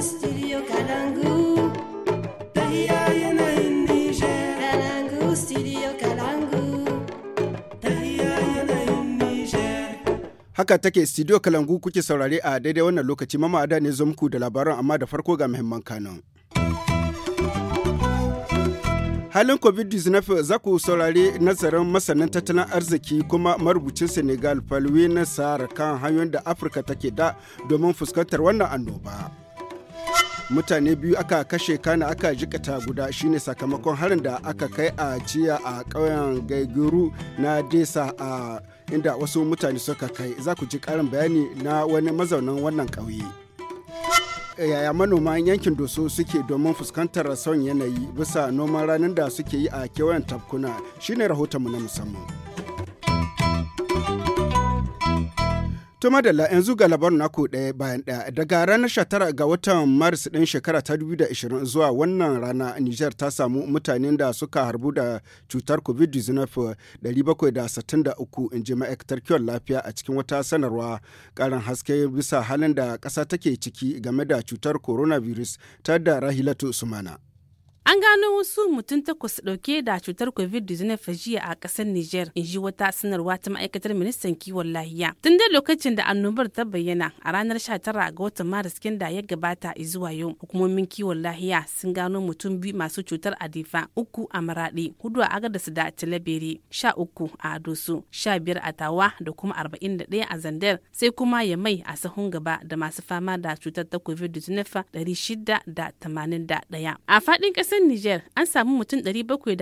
studio Haka take studio Kalangu kuke saurare a daidai wannan lokaci mamada ne zo muku da labaran amma da farko ga muhimman kanun. Halin COVID-19 za ku saurari nazarin masanin tattalin arziki kuma marubucin Senegal na Sahara kan hanyoyin da Afirka take da domin fuskantar wannan annoba. Mutane biyu aka kashe kana aka jikata guda shine sakamakon harin da aka kai a jiya a ƙauyen gaigiru na Desa a inda wasu mutane suka kai za ku ji ƙarin bayani na wani mazaunin wannan ƙauye. Eh, yaya manoma yankin doso suke domin fuskantar sauyin yanayi bisa noman ranar da suke yi a kewayen tafkuna shine rahotonmu na musamman. To madalla yanzu ga labarin naku ɗaya bayan ɗaya daga ranar 19 ga watan Maris ɗin shekara ta 2020 zuwa wannan rana Nijar ta samu mutanen da suka harbu da cutar COVID-19 763 in ji ma'aikatar kiwon lafiya a cikin wata sanarwa ƙarin haske bisa halin da ƙasa take ciki game da cutar coronavirus ta da Rahilatu Sumana. An gano wasu mutum takwas ɗauke da cutar COVID-19 jiya a ƙasar Nijar, in ji wata sanarwa ta ma'aikatar ministan kiwon lahiya. Tun dai lokacin da annobar ta bayyana a ranar 19 ga watan Maris da ya gabata zuwa yau, hukumomin kiwon lahiya sun gano mutum biyu masu cutar adifa, uku a Maraɗi, hudu a Agadas da Talabere, sha uku a Adosu, sha biyar a Tawa da kuma arba'in da ɗaya a Zandar, sai kuma ya mai a sahun gaba da masu fama da cutar ta COVID-19 shida da tamanin da ɗaya. A faɗin ƙasa ƙasar Nijar an samu mutum 763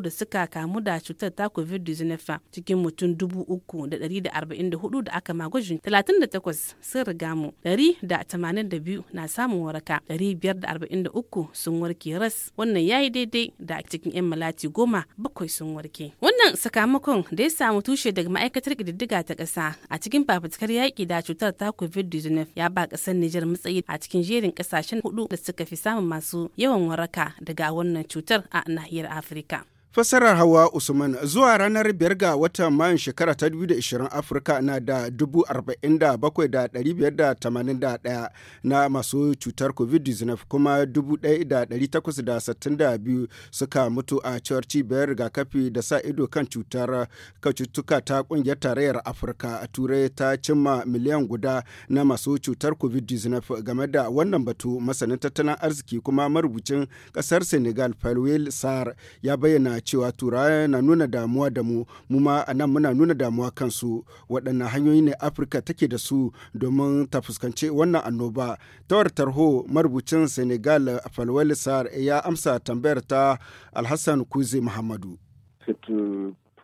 da suka kamu da cutar ta COVID-19 cikin mutum 3,144 da aka magwajin 38 sun riga mu 182 na samun waraka 543 sun warke ras wannan ya yi daidai da cikin 'yan malati goma bakwai sun warke. Wannan sakamakon da ya samu tushe daga ma'aikatar ƙididdiga ta ƙasa a cikin fafutukar yaƙi da cutar ta COVID-19 ya ba ƙasar Nijar matsayi a cikin jerin ƙasashen hudu da suka fi samun masu yawan waraka. waraka daga wannan cutar a nahiyar afirka Fasarar Hawa Usman zuwa ranar biyar ga watan Mayun shekara ta 2020 Afirka na da 47,581 na masu cutar COVID-19 kuma 1,862 suka mutu a cewar cibiyar rigakafi da sa ido kan cutar cututtuka ta kungiyar tarayyar Afirka a Turai ta cimma miliyan guda na masu cutar COVID-19 game da wannan batu masanin tattalin arziki kuma marubucin kasar Senegal Falwel Sar ya bayyana cewa turawa na nuna damuwa da mu mu ma a nan muna nuna damuwa kansu waɗannan hanyoyi ne afirka take da su domin ta fuskanci wannan annoba tawar tarho marubucin senegal falwal sar ya amsa tambayar ta alhassan kuzi muhammadu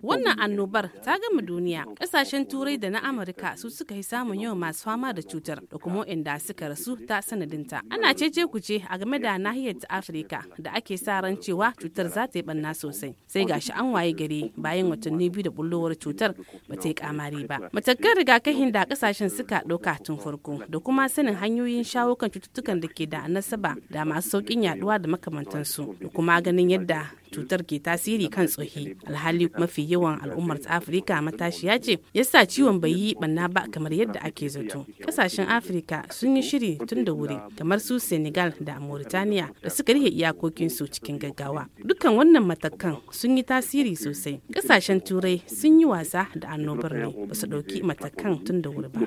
Wannan annobar ta gama duniya. kasashen Turai da na Amurka su suka yi samun yawan masu fama da cutar da kuma inda suka rasu ta sanadinta. Ana cece kuce a game da nahiyar ta Afirka da ake sa ran cewa cutar za ta yi banna sosai. Sai gashi an waye gari bayan watanni biyu da bullowar cutar ba ta yi kamari ba. Matakan rigakafin da kasashen suka ɗauka tun farko da kuma sanin hanyoyin shawo kan cututtukan da ke da nasaba da masu saukin yaduwa da makamantansu da kuma ganin yadda cutar ke tasiri kan tsohi alhali mafi yawan al'ummar ta afirka matashiya ce yasa ciwon bai yi banna ba kamar yadda ake zato kasashen afirka sun yi shiri tun da wuri kamar su senegal da mauritania da suka iyakokin su cikin gaggawa dukkan wannan matakan sun yi tasiri sosai kasashen turai sun yi wasa da annobar ne ba su ɗauki matakan tun da wuri ba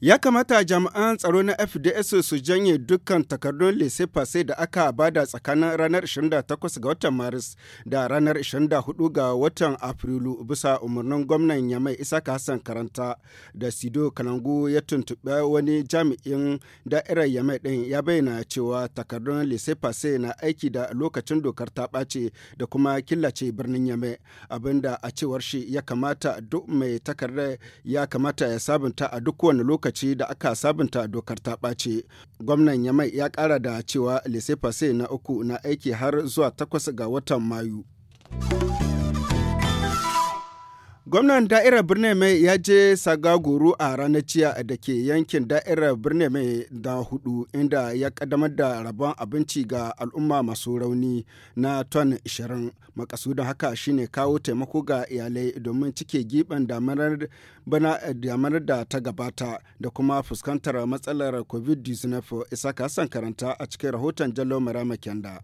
Ya kamata jami'an tsaro na FDS su janye dukkan takardun lese da aka bada tsakanin ranar 28 ga watan Maris da ranar 24 ga watan Afrilu bisa umarnin gwamnan Yamai Isaka Hassan Karanta da Sido Kalangu ya tuntuɓe wani jami'in da'irar Yamai ɗin ya bayyana cewa takardun lese na aiki da lokacin dokar ta ɓace da kuma killace birnin Yamai abinda a cewar shi ya kamata duk mai takardar ya kamata ya sabunta a duk wani lokaci lokaci da aka sabunta dokar ta ɓace. Gwamnan Yamai ya ƙara da cewa lise na uku na aiki har zuwa takwas ga watan Mayu. Gwamnan da'irar birnin mai ya je Sagagoro a ranar jiya da ke yankin da'irar birnin mai da hudu inda ya kaddamar da rabon abinci ga al'umma masu rauni na ton 20. Makasudin haka shine kawo taimako ga iyalai domin cike giban damar da ta gabata da kuma fuskantar matsalar COVID-19 isa san karanta a cikin rahoton Jallo Marama Kenda.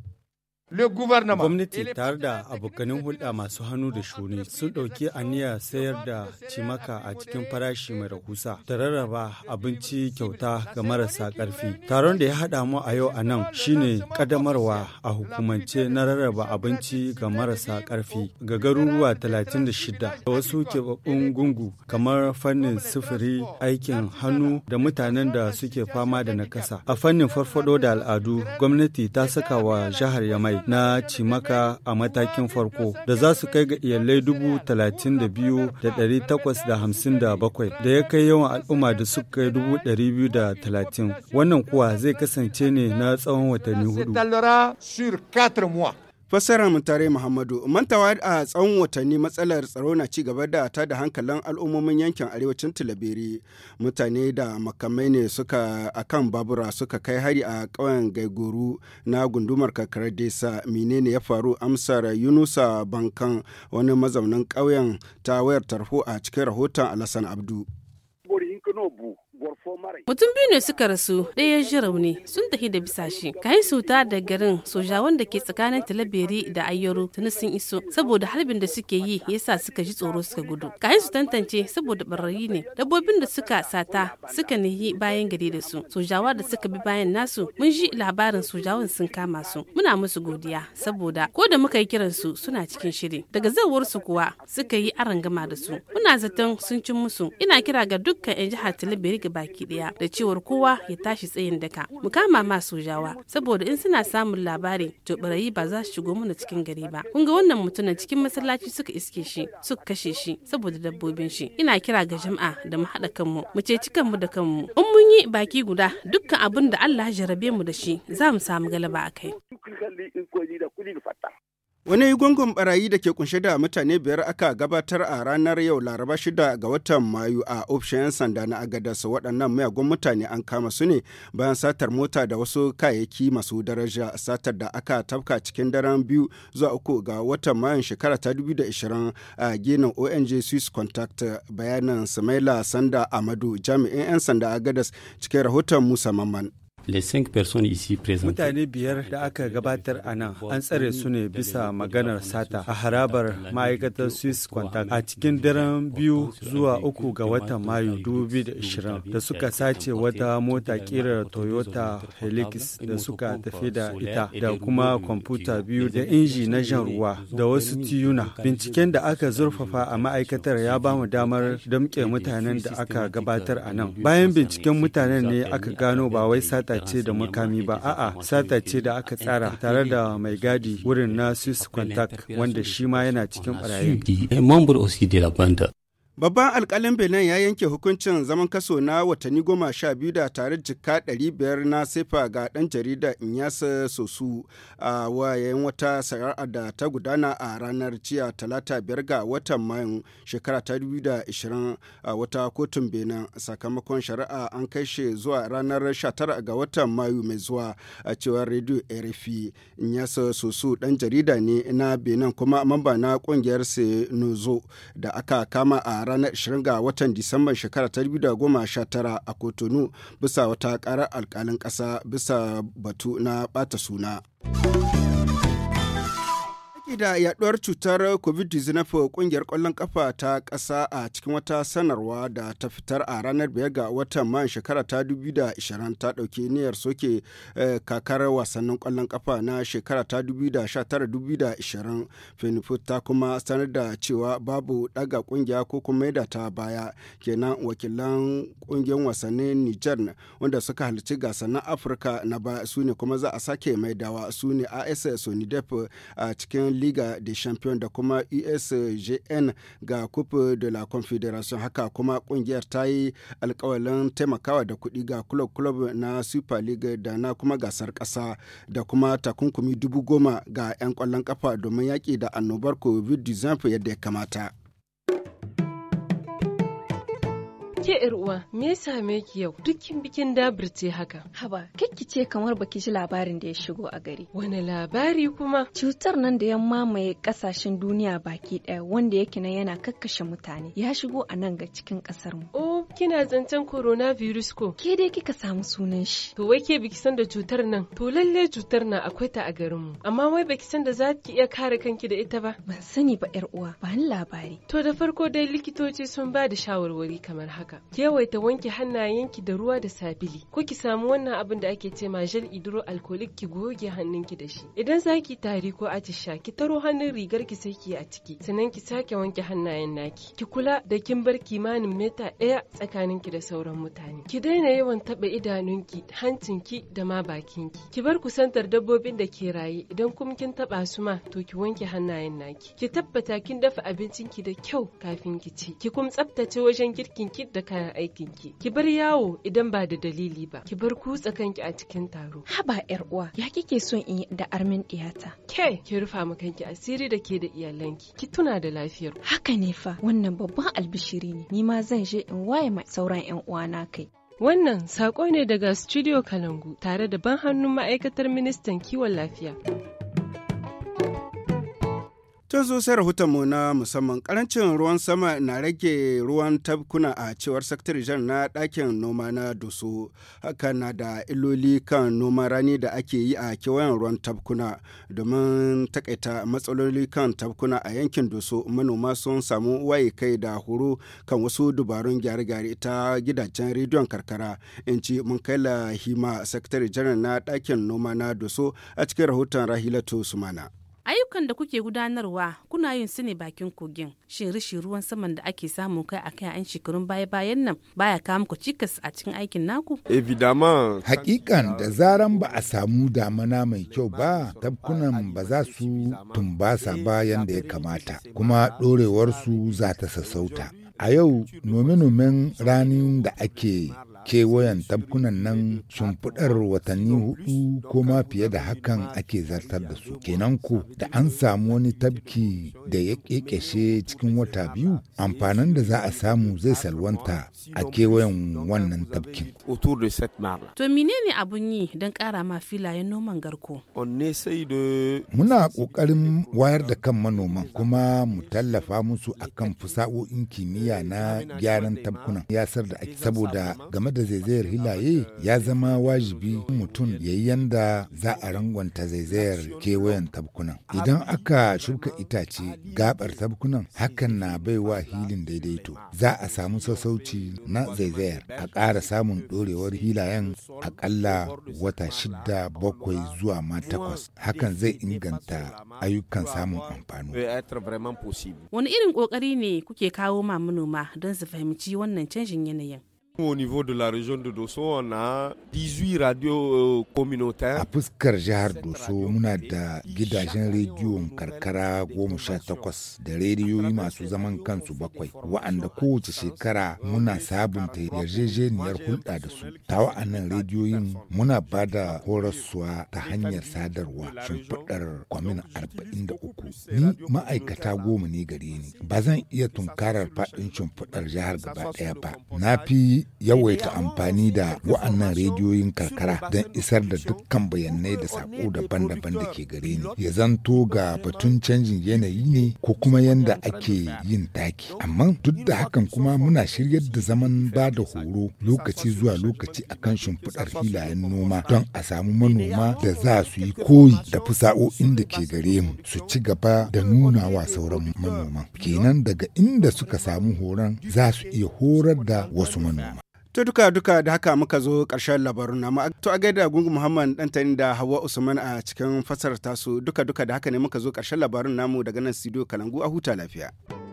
Gwamnati tare da abokanin hulɗa masu hannu da shuni sun ɗauki aniya sayar da cimaka a cikin farashi mai rahusa da rarraba abinci kyauta ga marasa ƙarfi. Taron da ya haɗa mu a yau a nan shine ƙaddamarwa a hukumance na rarraba abinci ga marasa ƙarfi ga garuruwa 36 da wasu keɓaɓɓun gungu kamar fannin sufuri, aikin hannu da mutanen da suke fama da nakasa. A fannin farfaɗo da al'adu, gwamnati ta saka wa jihar Yamai na cimaka a matakin farko da za su kai ga iyalai dubu talatin da biyu da ɗari takwas da hamsin da bakwai da ya kai yawan al'umma da suka kai dubu ɗari biyu da talatin wannan kuwa zai kasance ne na tsawon watanni hudu. Fassara, mun tare Muhammadu, mantawa a tsawon watanni matsalar tsaro na ci gaba da ta da hankalin al'ummomin yankin arewacin Tilabiri. Mutane da makamai ne suka kan babura suka kai hari a ƙauyen gaigoru na gundumar kakardesa, Desa. Menene ya faru amsar Yunusa Bankan wani mazaunin ƙauyen ta wayar tarho a cikin rahoton Alasan Abdu. Mutum biyu ne suka rasu ɗaya ji rauni sun tafi da bisa shi. Kayan sauta da garin soja wanda ke tsakanin Talabiri da Ayyaro tuni sun iso saboda harbin da suke yi ya sa suka ji tsoro suka gudu. Kayan su tantance saboda barayi ne. Dabbobin da suka sata suka nihi bayan gari da su. Sojawa da suka bi bayan nasu mun ji labarin sojawan sun kama su. Muna musu godiya saboda ko da muka yi kiran su suna cikin shiri. Daga zawar su kuwa suka yi arangama da su. Muna zaton sun cin musu. Ina kira ga dukkan 'yan jihar Talabiri ga baki baki daya da cewar kowa ya tashi tsayin daka mu kama ma sojawa saboda in suna samun labarin to barayi ba za su shigo mana cikin gari ba kun ga wannan mutumin cikin masallaci suka iske shi suka kashe shi saboda dabbobin shi ina kira ga jama'a da mu haɗa kanmu mu ce cikan kanmu da kanmu in mun yi baki guda dukkan abin da Allah ya jarabe mu da shi za mu samu galaba a kai Wani gungun barayi da ke kunshe da mutane biyar aka gabatar a ranar yau Laraba shida ga watan Mayu a ofishin 'yan sanda na Agadas waɗannan mayagun mutane an kama su ne bayan satar mota da wasu kayayyaki masu daraja satar da aka tafka cikin daren biyu zuwa uku ga watan Mayun shekara ta 2020 a ginin ONG Swiss Contact bayanan Samaila Sanda Amadu jami'in 'yan sanda Agadas cikin rahoton Musa Mamman. Mutane biyar da aka gabatar a nan an tsare su ne bisa maganar sata a harabar ma'aikatar Swiss Contact a cikin daren biyu zuwa uku ga watan Mayu 2020 da suka sace wata mota kira Toyota Helix da suka tafi da ita da kuma kwamfuta biyu da inji na jan ruwa da wasu tiyuna. Binciken da aka zurfafa a ma'aikatar ya ba mu damar damƙe mutanen da aka gabatar a nan. Bayan binciken mutanen ne aka gano ba wai sata sata ce da makami ba a'a sata ce da aka tsara tare da mai gadi wurin na Swiss Contact wanda shi ma yana cikin barayi. Babban alkalin Benin ya yanke hukuncin zaman kaso na watanni goma sha biyu da tare jika ɗari biyar na sefa ga ɗan jarida Inyasa Sosu a wayan wata sara'a da ta gudana a ranar jiya talata biyar ga watan Mayun shekara ta dubu da ishirin a wata kotun Benin sakamakon shari'a an kai shi zuwa ranar sha tara ga watan Mayu mai zuwa a cewar rediyo RFI. Inyasa Sosu ɗan jarida ne na Benin kuma mamba na ƙungiyar Senozo da aka kama a ranar 20 ga watan Disamban shekara ta 2019 a Kotonu bisa wata karar alkalin ƙasa bisa batu na ɓata suna. yaƙi da yaɗuwar cutar covid-19 ƙungiyar kwallon ƙafa ta ƙasa a cikin wata sanarwa da ta fitar a ranar biyar ga watan man shekara ta 2020 ta ɗauki niyyar soke eh, kakar wasannin kwallon ƙafa na shekara ta 2019-2020 fenifu ta kuma sanar da cewa babu ɗaga ƙungiya ko kuma da ta baya kenan wakilan ƙungiyar wasannin niger wanda suka halarci gasa na afirka na baya su ne kuma za a sake maidawa su ne as sonidep eh, a cikin liga de champion da kuma usgn e ga coupe de la confederation haka kuma kungiyar ta yi alkawalin taimakawa da kuɗi ga club club na super league da na kuma gasar ƙasa da kuma takunkumi dubu goma ga 'yan ƙwallon ƙafa domin yaki da annobar covid-19 yadda ya kamata. Ke yar uwa, me ya same ki yau? Dukkin bikin dabir ce haka. Haba, kai ki ce kamar baki ji labarin da ya shigo a gari. Wani labari kuma? Cutar nan da ya mamaye kasashen duniya baki ɗaya wanda yake nan yana kakkashe mutane ya shigo a nan ga cikin ƙasarmu. mu. Oh. Kina zancen coronavirus ko? Ke dai kika samu sunan shi. To wai ke biki san da cutar nan? To lalle cutar nan akwai ta a garin mu Amma wai baki san da za ki iya kare kanki da ita ba? Ban sani ba yar uwa, ba ni labari. To da farko dai likitoci sun ba da shawarwari kamar haka. Yawaita wanke hannayenki da ruwa da sabili. Ko ki samu wannan abin da ake ce ma gel hydroalcoholic ki goge hannunki da shi. Idan za ki tari ko atisha ki taro hannun rigar ki sai ki yi a ciki. Sannan ki sake wanke hannayen naki. Ki kula da kin bar kimanin mita ɗaya tsakanin ki da sauran mutane ki daina yawan taɓa idanunki hancinki da ma bakinki ki bar kusantar dabbobin da ke raye idan kuma kin taɓa su ma to ki wanke hannayen naki ki tabbata kin dafa abincinki da kyau kafin ki ci ki kuma tsaftace wajen girkinki da kayan aikinki ki bar yawo idan ba da dalili ba ki bar kutsa kanki a cikin taro haba yar uwa ya kike son in da armin diyata ke ki rufa ma kanki asiri da ke da iyalanki ki tuna da lafiyar haka ne fa wannan babban albishiri ne ni ma zan je in waye Mai sauran 'yan uwana kai. Wannan saƙo ne daga Studio Kalangu tare da ban hannun ma'aikatar ministan kiwon lafiya. Tun zo sai rahotonmu na musamman karancin ruwan sama na rage ruwan tabkuna a cewar sakatare jan na ɗakin noma na doso haka na da illoli kan noma rani da ake yi a kewayen ruwan tabkuna domin takaita matsaloli kan tabkuna a yankin doso manoma sun samu waye kai da horo kan wasu dubarun gyare-gyare ta gidajen rediyon karkara in ci mun kai hima sakatare janar na ɗakin noma na doso a cikin rahoton rahilatu sumana. ayyukan da kuke gudanarwa kuna yin su ne bakin kogin shin rishin ruwan saman da ake samu kai a kai an shekarun baya bayan nan baya kawo muku cikas a cikin aikin naku hakikan da zaran ba a samu damana mai kyau ba tabkunan ba za su tumbasa bayan da ya kamata kuma ɗorewarsu za ta sassauta a yau nome-nomen ranin da ake kewayen tabkunan nan sun fudar watanni hudu ko ma fiye da hakan ake zartar da su kenan ko da an samu wani tabki da ya kekeshe cikin wata biyu amfanin da za a samu zai salwanta a kewayen wannan tabkin to menene abun yi don ƙara ma filayen noman garko muna ƙoƙarin wayar da kan manoman kuma mu tallafa musu akan fusa'o'in kimiyya na gyaran tabkunan sar da ake saboda game da zaizayar hilaye ya zama wajibi mutum ya yi yanda za a rangwanta zaizayar kewayen tabkunan. Idan aka shuka itace gabar tabkunan hakan na baiwa hilin daidaito. Za a samu sassauci na zaizayar a ƙara samun ɗorewar hilayen aƙalla wata shida bakwai zuwa ma takwas. Hakan zai inganta ayyukan samun amfani. Wani irin ƙoƙari ne kuke kawo ma manoma don su fahimci wannan canjin yanayin? Au niveau de la région de Dosso, on a 18 radios euh, communautaires. A fuskar jihar Dosso muna da gidajen rediyon karkara goma sha takwas da rediyoyi masu zaman kansu bakwai wa'anda kowace shekara muna sabunta yarjejeniyar hulɗa da su. Ta wa'annan rediyoyin muna ba da horaswa ta hanyar sadarwa shimfiɗar kwamin arba'in da uku. Ni ma'aikata goma ne gare ni. Ba zan iya tunkarar faɗin shimfiɗar jihar gaba ɗaya ba. Na fi yawaita amfani da wa'annan rediyoyin karkara don isar da dukkan bayanai da sako daban-daban da ke gare ni ya zanto ga batun canjin yanayi ne ko kuma yanda ake yin taki amma duk da hakan kuma muna shiryar da zaman ba da horo lokaci zuwa lokaci a kan shimfiɗar filayen noma don a samu manoma da za su yi koyi da fusa'o'in da ke gare mu su ci gaba da nuna wa sauran manoman kenan daga inda suka samu horon za su iya horar da wasu manoma To duka duka da haka muka zo ƙarshen labarun na to a gaida gungun Muhammad Dantani da Hawa Usman a cikin fasar tasu duka duka da haka ne muka zo karshen labarun namu daga nan studio Kalangu a huta lafiya.